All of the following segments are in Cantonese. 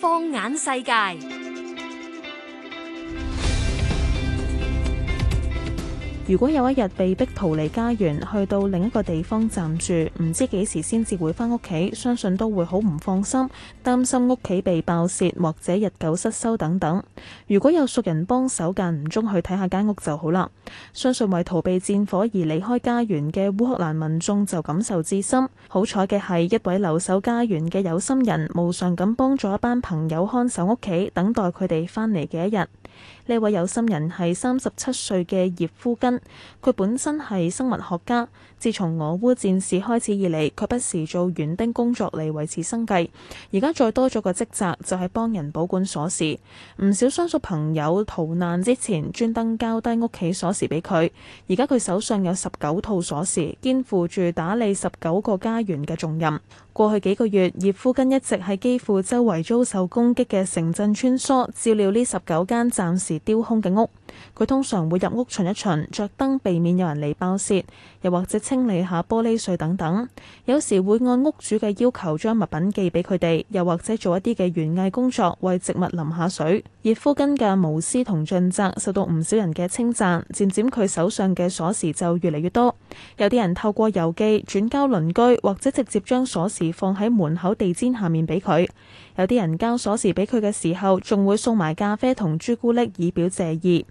放眼世界。如果有一日被迫逃離家園，去到另一個地方暫住，唔知幾時先至會返屋企，相信都會好唔放心，擔心屋企被爆竊或者日久失修等等。如果有熟人幫手間唔中去睇下間屋就好啦。相信為逃避戰火而離開家園嘅烏克蘭民眾就感受至深。好彩嘅係，一位留守家園嘅有心人，無償咁幫助一班朋友看守屋企，等待佢哋返嚟嘅一日。呢位有心人係三十七歲嘅葉夫根，佢本身係生物學家。自從俄烏戰事開始以嚟，佢不時做園丁工作嚟維持生計，而家再多咗個職責就係、是、幫人保管鎖匙。唔少相熟朋友逃難之前，專登交低屋企鎖匙俾佢。而家佢手上有十九套鎖匙，肩負住打理十九個家園嘅重任。過去幾個月，葉夫根一直喺基輔周圍遭受攻擊嘅城鎮穿梭，照料呢十九間暫時丟空嘅屋。佢通常會入屋巡一巡，着燈避免有人嚟爆竊，又或者清理下玻璃碎等等。有時會按屋主嘅要求將物品寄俾佢哋，又或者做一啲嘅園藝工作，為植物淋下水。熱夫根嘅無私同盡責受到唔少人嘅稱讚，漸漸佢手上嘅鎖匙就越嚟越多。有啲人透過郵寄轉交鄰居，或者直接將鎖匙放喺門口地氈下面俾佢。有啲人交鎖匙俾佢嘅時候，仲會送埋咖啡同朱古力以表謝意。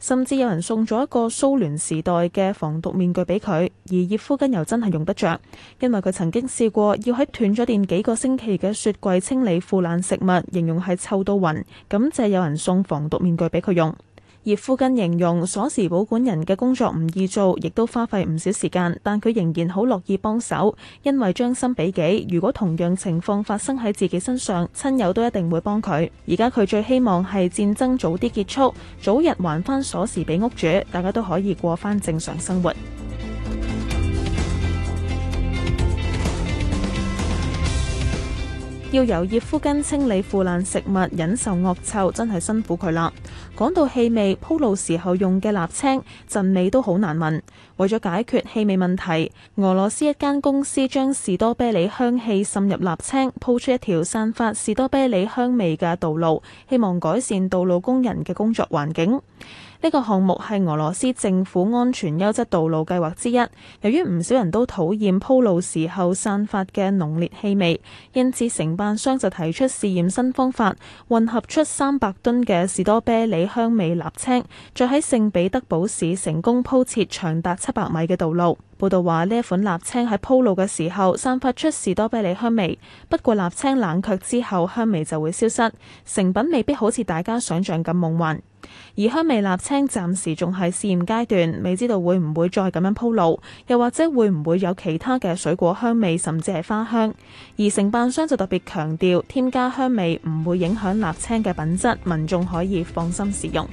甚至有人送咗一個蘇聯時代嘅防毒面具俾佢，而葉夫根又真係用得着，因為佢曾經試過要喺斷咗電幾個星期嘅雪櫃清理腐爛食物，形容係臭到暈，感謝有人送防毒面具俾佢用。葉夫根形容鎖匙保管人嘅工作唔易做，亦都花費唔少時間，但佢仍然好樂意幫手，因為將心比己，如果同樣情況發生喺自己身上，親友都一定會幫佢。而家佢最希望係戰爭早啲結束，早日還翻鎖匙俾屋主，大家都可以過翻正常生活。要由葉夫根清理腐爛食物，忍受惡臭，真係辛苦佢啦。講到氣味，鋪路時候用嘅瀝青陣味都好難聞。為咗解決氣味問題，俄羅斯一間公司將士多啤梨香氣滲入瀝青，鋪出一條散發士多啤梨香味嘅道路，希望改善道路工人嘅工作環境。呢個項目係俄羅斯政府安全優質道路計劃之一。由於唔少人都討厭鋪路時候散發嘅濃烈氣味，因此承辦商就提出試驗新方法，混合出三百噸嘅士多啤梨香味瀝青，再喺聖彼得堡市成功鋪設長達七百米嘅道路。報道話呢一款瀝青喺鋪路嘅時候散發出士多啤梨香味，不過瀝青冷卻之後香味就會消失，成品未必好似大家想象咁夢幻。而香味瀝青暫時仲係試驗階段，未知道會唔會再咁樣鋪路，又或者會唔會有其他嘅水果香味，甚至係花香。而承辦商就特別強調，添加香味唔會影響瀝青嘅品質，民眾可以放心使用。